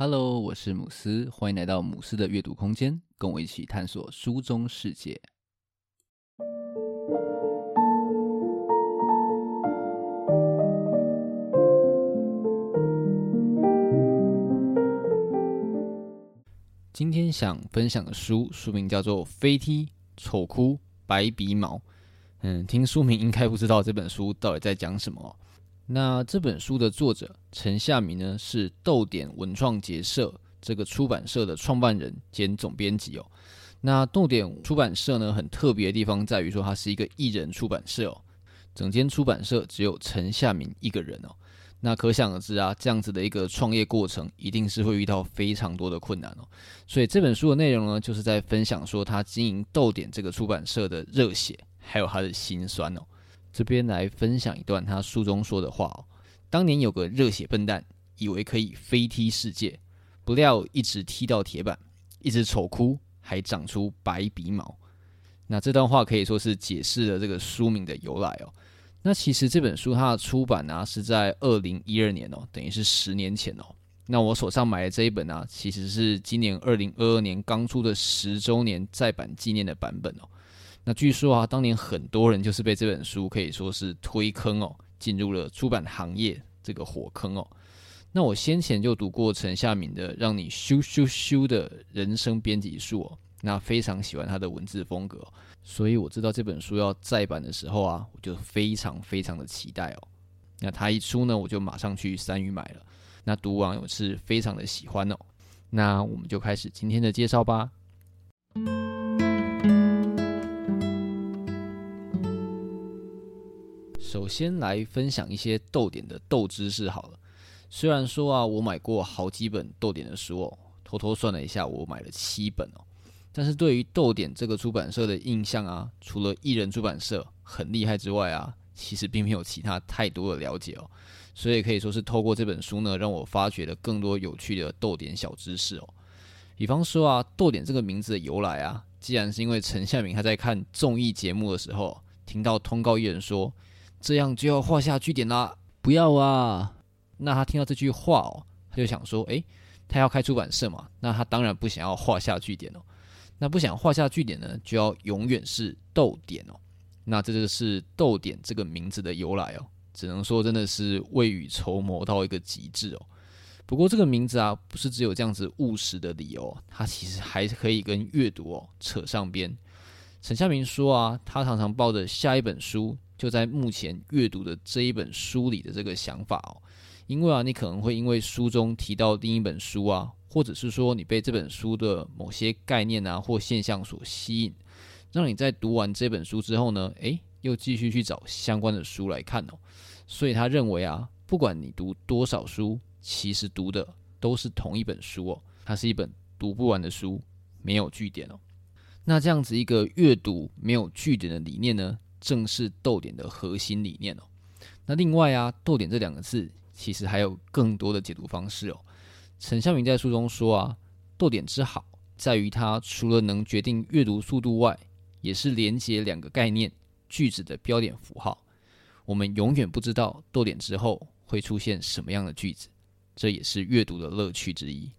Hello，我是姆斯，歡迎來到姆斯的閱讀空間，跟我一起探索書中世界。今天想分享的書，書名叫做《飛踢，醜哭，白鼻毛》。嗯，聽書名應該不知道這本書到底在講什麼。那這本書的作者陳夏民呢，是逗點文創結社這個出版社的創辦人兼總編輯哦。那逗點出版社呢，很特別的地方在於說，它是一個一人出版社哦，整間出版社只有陳夏民一個人哦。那可想而知啊，這樣子的一個創業過程，一定是會遇到非常多的困難哦。所以這本書的內容呢，就是在分享說他經營逗點這個出版社的熱血，還有他的辛酸哦。這邊來分享一段他書中說的話哦。當年有個熱血笨蛋，以為可以飛踢世界，不料一直踢到鐵板，一直醜哭，還長出白鼻毛。那這段話可以說是解釋了這個書名的由來哦。那其實這本書它的出版呢、啊、是在二零一二年哦，等於是十年前哦。那我手上買的這一本呢、啊，其實是今年二零二二年剛出的十周年再版紀念的版本哦。那據說啊，當年很多人就是被這本書可以說是推坑哦，進入了出版行業這個火坑哦。那我先前就讀過陳夏民的《讓你咻咻咻的人生編輯術》哦，那非常喜歡他的文字風格，所以我知道這本書要再版的時候啊，我就非常非常的期待哦。那他一出呢，我就馬上去三餘買了。那讀完我是非常的喜歡哦。那我們就開始今天的介紹吧。首先來分享一些逗點的豆知識好了。雖然說啊，我買過好幾本逗點的書哦，偷偷算了一下，我買了七本哦。但是對於逗點這個出版社的印象啊，除了藝人出版社很厲害之外啊，其實並沒有其他太多的了解哦。所以可以說是透過這本書呢，讓我發掘了更多有趣的逗點小知識哦。比方說啊，逗點這個名字的由來啊，既然是因為陳夏民他在看綜藝節目的時候聽到通告藝人說，這樣就要畫下句點啦！不要啊！那他聽到這句話哦，他就想說：誒，他要開出版社嘛，那他當然不想要畫下句點哦。那不想畫下句點呢，就要永遠是逗點哦。那這就是“逗點”這個名字的由來哦。只能說真的是未雨綢繆到一個極致哦。不過這個名字啊，不是只有這樣子務實的理由哦，它其實還可以跟閱讀哦扯上邊。陳夏民說啊，他常常抱着下一本書。就在目前閱讀的這一本書裡的這個想法哦，因為啊，你可能會因為書中提到另一本書啊，或者是說你被這本書的某些概念啊或現象所吸引，讓你在讀完這本書之後呢，誒，又繼續去找相關的書來看哦。所以他認為啊，不管你讀多少書，其實讀的都是同一本書哦，它是一本讀不完的書，沒有句點哦。那這樣子一個閱讀沒有句點的理念呢？正是逗點的核心理念哦。那另外啊，逗點這兩個字其實還有更多的解讀方式哦。陳夏民在書中說啊，逗點之好在於它除了能決定閱讀速度外，也是連接兩個概念句子的標點符號。我們永遠不知道逗點之後會出現什麼樣的句子，這也是閱讀的樂趣之一。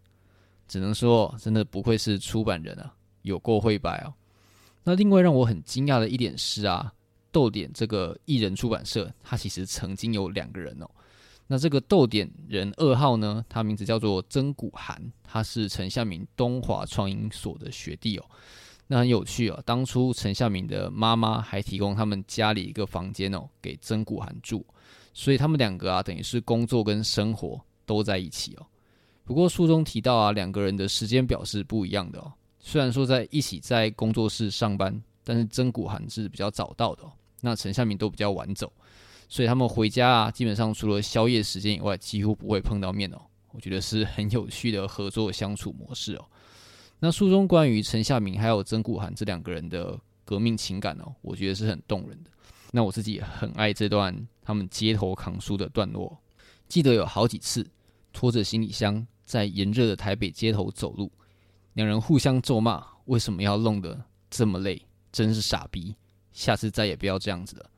只能說，真的不愧是出版人啊，有夠會掰哦。那另外讓我很驚訝的一點是啊。逗點這個一人出版社，他其實曾經有兩個人哦。那這個逗點人二號呢，他名字叫做曾古涵，他是陳夏民東華創英所的學弟哦。那很有趣哦，當初陳夏民的媽媽還提供他們家裡一個房間哦給曾古涵住，所以他們兩個啊，等於是工作跟生活都在一起哦。不過書中提到啊，兩個人的時間表是不一樣的哦。雖然說在一起在工作室上班。但是曾谷涵是比較早到的、哦，那陳夏民都比較晚走，所以他們回家啊，基本上除了宵夜時間以外，幾乎不會碰到面哦。我覺得是很有趣的合作相處模式哦。那書中關於陳夏民還有曾谷涵這兩個人的革命情感哦，我覺得是很動人的。那我自己也很愛這段他們街頭扛書的段落、哦，記得有好幾次拖着行李箱在炎熱的台北街頭走路，兩人互相咒罵，為什麼要弄得這麼累？真是傻逼！下次再也不要這樣子了。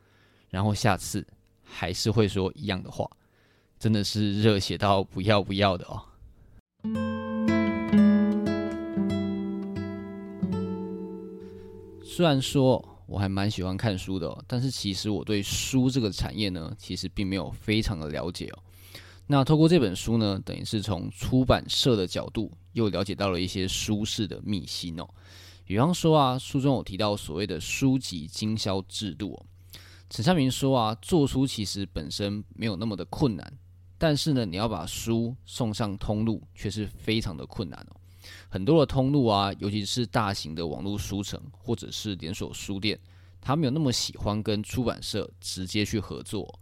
然後下次還是會說一樣的話，真的是熱血到不要不要的哦、喔。雖然說我還蠻喜歡看書的、喔，但是其實我對書這個產業呢，其實並沒有非常的了解哦、喔。那透過這本書呢，等於是從出版社的角度又了解到了一些書市的秘辛哦、喔。比方說啊，書中有提到所謂的書籍經銷制度哦。陳夏民說啊，做書其實本身沒有那麼的困難，但是呢，你要把書送上通路卻是非常的困難哦。很多的通路啊，尤其是大型的網絡書城或者是連鎖書店，他沒有那麼喜歡跟出版社直接去合作，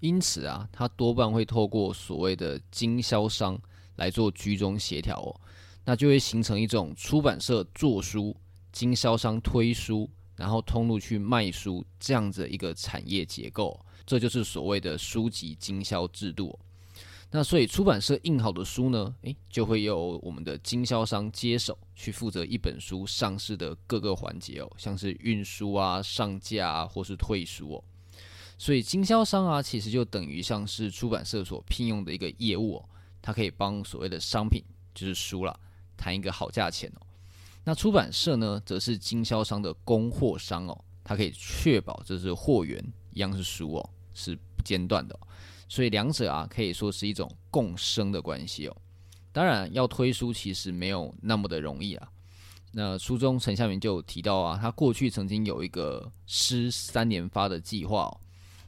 因此啊，他多半會透過所謂的經銷商來做居中協調哦，那就會形成一種出版社做書，經銷商推書，然後通路去賣書，這樣子的一個產業結構哦，這就是所謂的書籍經銷制度哦。那所以出版社印好的書呢，誒，就會有我們的經銷商接手，去負責一本書上市的各個環節哦，像是運輸啊、上架啊，或是退書哦。所以經銷商啊，其實就等於像是出版社所聘用的一個業務哦，他可以幫所謂的商品，就是書了，談一個好價錢哦。那出版社呢，則是經銷商的供貨商哦，他可以確保這是貨源一樣是書哦，是不間斷的哦，所以兩者啊，可以說是一種共生的關係哦。當然，要推書其實沒有那麼的容易啊。那書中陳夏民就提到啊，他過去曾經有一個詩三連發的計劃，哦，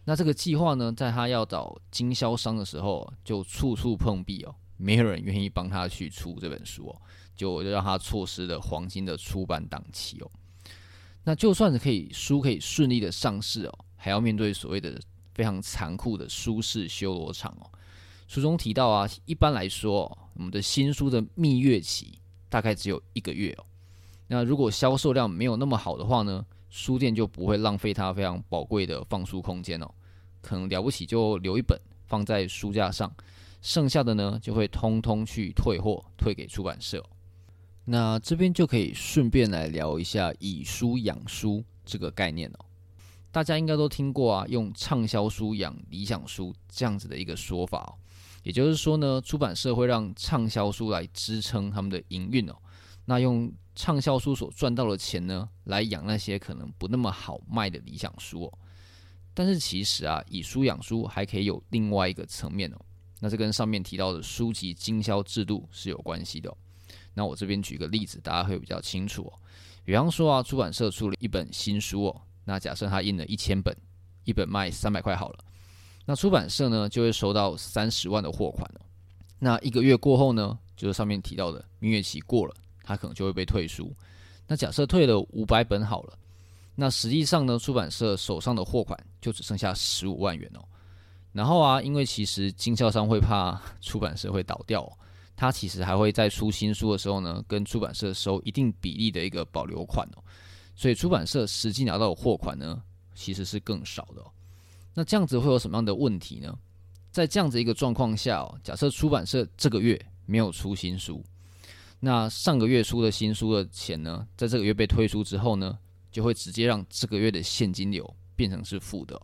那這個計劃呢，在他要找經銷商的時候，就處處碰壁哦，沒有人願意幫他去出這本書哦。就讓他錯失了黃金的出版檔期哦。那就算是可以書可以順利的上市哦，還要面對所謂的非常殘酷的書市修羅場哦。書中提到啊，一般來說哦，我們的新書的蜜月期大概只有一個月哦。那如果銷售量沒有那麼好的話呢，書店就不會浪費它非常寶貴的放書空間哦。可能了不起就留一本放在書架上，剩下的呢就會通通去退貨退給出版社哦。那這邊就可以順便來聊一下“以書養書”這個概念哦。大家應該都聽過啊，用暢銷書養理想書這樣子的一個說法哦。也就是說呢，出版社會讓暢銷書來支撐他們的營運哦。那用暢銷書所賺到的錢呢，來養那些可能不那麼好賣的理想書哦。但是其實啊，以書養書還可以有另外一個層面哦。那這跟上面提到的書籍經銷制度是有關係的哦。那我這邊舉個例子，大家會比較清楚哦。比方說啊，出版社出了一本新書哦，那假設他印了一千本，一本賣三百塊好了，那出版社呢就會收到三十萬的貨款哦。那一個月過後呢，就是上面提到的蜜月期過了，他可能就會被退書。那假設退了五百本好了，那實際上呢，出版社手上的貨款就只剩下十五萬元哦。然後啊，因為其實經銷商會怕出版社會倒掉哦。他其實還會在出新書的時候呢，跟出版社收一定比例的一個保留款哦，所以出版社實際拿到的貨款呢，其實是更少的哦。那這樣子會有什麼樣的問題呢？在這樣子一個狀況下哦，假設出版社這個月沒有出新書，那上個月出的新書的錢呢，在這個月被推出之後呢，就會直接讓這個月的現金流變成是負的哦。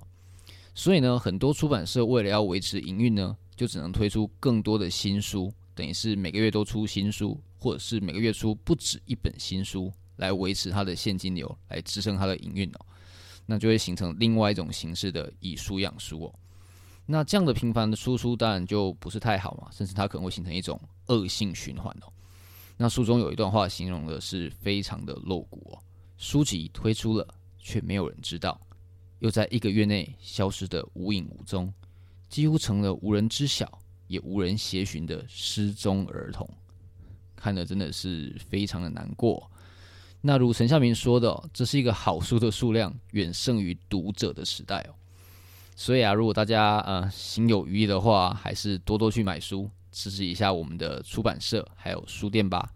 所以呢，很多出版社為了要維持營運呢，就只能推出更多的新書。等於是每個月都出新書，或者是每個月出不止一本新書，來維持它的現金流，來支撐它的營運哦。那就會形成另外一種形式的以書養書哦。那這樣的頻繁的輸出當然就不是太好嘛，甚至它可能會形成一種惡性循環哦。那書中有一段話形容的是非常的露骨哦：書籍推出了，卻沒有人知道，又在一個月內消失得無影無蹤，幾乎成了無人知曉，也無人協尋的失蹤兒童，看得真的是非常的難過。那如陳夏民說的，這是一個好書的數量遠勝於讀者的時代。所以啊，如果大家呃心有餘力的話，還是多多去買書，支持一下我們的出版社還有書店吧。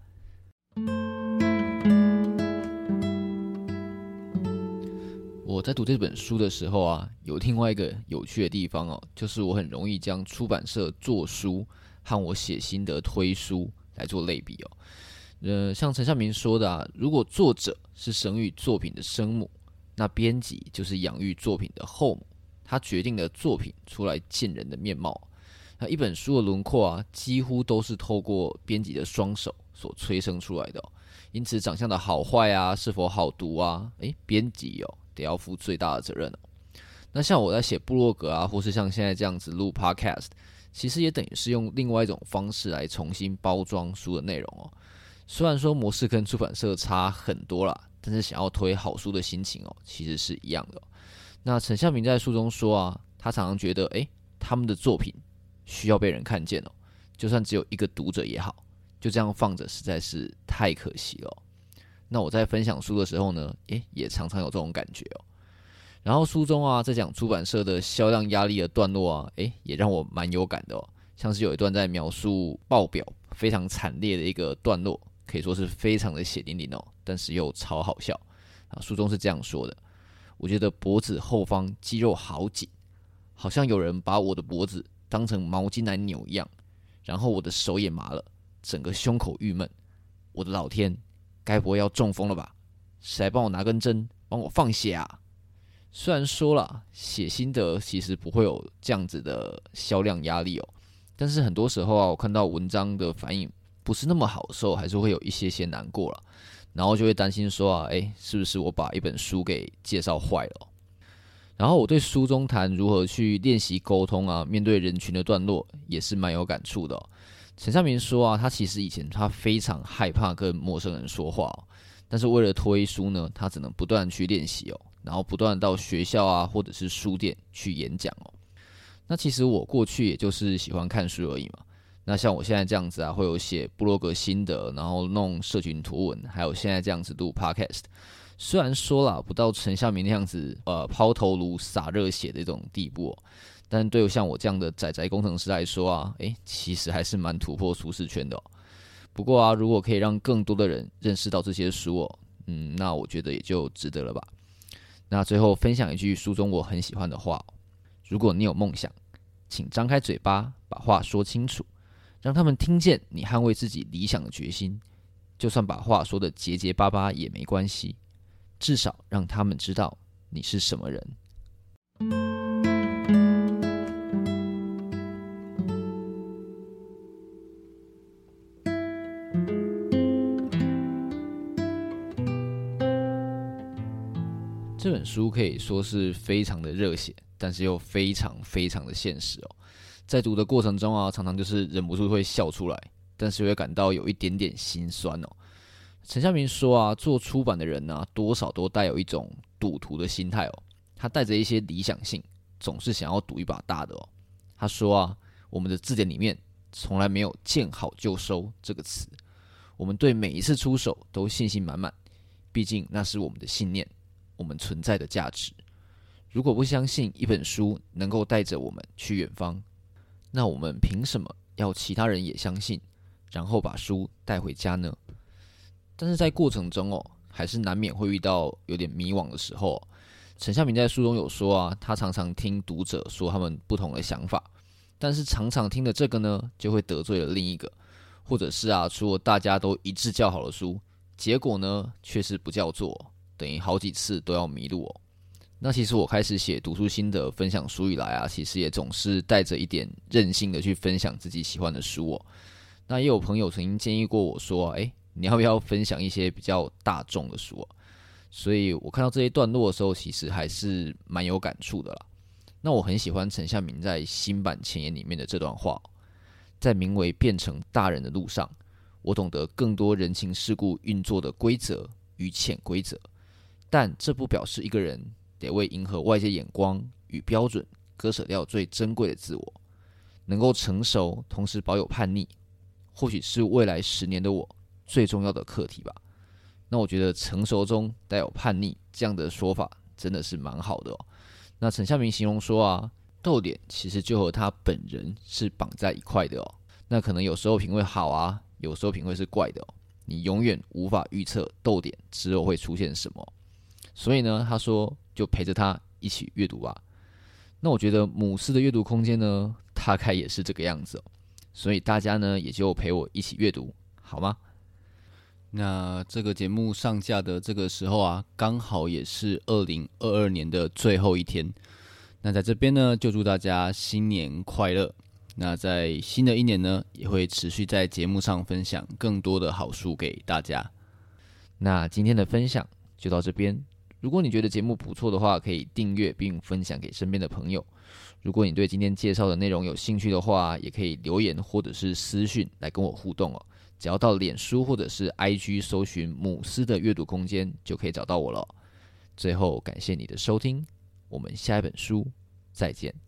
我在讀這本書的時候啊，有另外一個有趣的地方哦，就是我很容易將出版社做書和我寫心得推書來做類比哦。呃，像陳夏民說的啊，如果作者是生育作品的生母，那編輯就是養育作品的後母，他決定了作品出來見人的面貌。那一本書的輪廓啊，幾乎都是透過編輯的雙手所催生出來的哦，因此長相的好壞啊，是否好讀啊，誒，編輯哦。得要負最大的責任哦。那像我在寫部落格啊，或是像現在這樣子錄 Podcast，其實也等於是用另外一種方式來重新包裝書的內容哦。雖然說模式跟出版社差很多啦，但是想要推好書的心情哦，其實是一樣的、哦。那陳夏民在書中說啊，他常常覺得，誒、欸，他們的作品需要被人看見哦，就算只有一個讀者也好，就這樣放着實在是太可惜了。那我在分享書的時候呢，誒、欸，也常常有這種感覺哦、喔。然後書中啊，在講出版社的銷量壓力的段落啊，誒、欸，也讓我蠻有感的哦、喔。像是有一段在描述報表非常慘烈的一個段落，可以說是非常的血淋淋哦、喔，但是又超好笑啊。書中是這樣說的：我覺得脖子後方肌肉好緊，好像有人把我的脖子當成毛巾來扭一樣。然後我的手也麻了，整個胸口鬱悶。我的老天！該不會要中風了吧？誰來幫我拿根針，幫我放血啊？雖然說了寫心得其實不會有這樣子的銷量壓力哦、喔，但是很多時候啊，我看到文章的反應不是那麼好受，還是會有一些些難過了，然後就會擔心說啊，哎、欸，是不是我把一本書給介紹壞了？然後我對書中談如何去練習溝通啊，面對人群的段落也是蠻有感觸的、喔。陳夏民說啊，他其實以前他非常害怕跟陌生人說話、喔，但是為了推書呢，他只能不斷去練習哦，然後不斷到學校啊，或者是書店去演講哦、喔。那其實我過去也就是喜歡看書而已嘛。那像我現在這樣子啊，會有寫布洛格心得，然後弄社群圖文，還有現在這樣子錄 podcast。雖然說啦，不到陳夏民那樣子，呃，拋頭顱灑熱血的一種地步、喔。但對像我這樣的宅宅工程師來說啊，誒，其實還是蠻突破舒適圈的哦。不過啊，如果可以讓更多的人認識到這些書哦，嗯，那我覺得也就值得了吧。那最後分享一句書中我很喜歡的話哦：如果你有夢想，請張開嘴巴把話說清楚，讓他們聽見你捍衛自己理想的決心。就算把話說得結結巴巴也沒關係，至少讓他們知道你是什麼人。書可以說是非常的熱血，但是又非常非常的現實哦。在讀的過程中啊，常常就是忍不住會笑出來，但是又會感到有一點點心酸哦。陳夏民說啊，做出版的人呢、啊，多少都帶有一種賭徒的心態哦。他帶着一些理想性，總是想要賭一把大的哦。他說啊，我們的字典裡面從來沒有“見好就收”這個詞，我們對每一次出手都信心滿滿，畢竟那是我們的信念。我們存在的價值。如果不相信一本書能夠帶着我們去遠方，那我們憑什麼要其他人也相信，然後把書帶回家呢？但是在過程中哦，還是難免會遇到有點迷惘的時候。陳夏民在書中有說啊，他常常聽讀者說他們不同的想法，但是常常聽的這個呢，就會得罪了另一個，或者是啊，出了大家都一致叫好的書，結果呢，卻是不叫座。等於好幾次都要迷路哦。那其實我開始寫讀書心得分享書以來啊，其實也總是帶着一點任性的去分享自己喜歡的書哦。那也有朋友曾經建議過我說，誒，你要不要分享一些比較大眾的書啊？所以我看到這些段落的時候，其實還是蠻有感觸的啦。那我很喜歡陳夏民在新版前言裡面的這段話，在名為變成大人的路上，我懂得更多人情世故運作的規則與潛規則。但這不表示一個人得為迎合外界眼光與標準割捨掉最珍貴的自我。能夠成熟，同時保有叛逆，或許是未來十年的我最重要的課題吧。那我覺得“成熟中帶有叛逆”這樣的說法真的是蠻好的哦。那陳夏民形容說啊，逗點其實就和他本人是綁在一塊的哦。那可能有時候品味好啊，有時候品味是怪的哦。你永遠無法預測逗點之後會出現什麼。所以呢，他說就陪着他一起閱讀吧。那我覺得姆斯的閱讀空間呢，大概也是這個樣子哦。所以大家呢，也就陪我一起閱讀，好嗎？那這個節目上架的這個時候啊，剛好也是二零二二年的最後一天。那在這邊呢，就祝大家新年快樂。那在新的一年呢，也會持續在節目上分享更多的好書給大家。那今天的分享就到這邊。如果你覺得節目不錯的話，可以訂閱並分享給身邊的朋友。如果你對今天介紹的內容有興趣的話，也可以留言或者是私訊來跟我互動哦。只要到臉書或者是 IG 搜尋“姆斯的閱讀空間”，就可以找到我了。最後，感謝你的收聽，我們下一本書再見。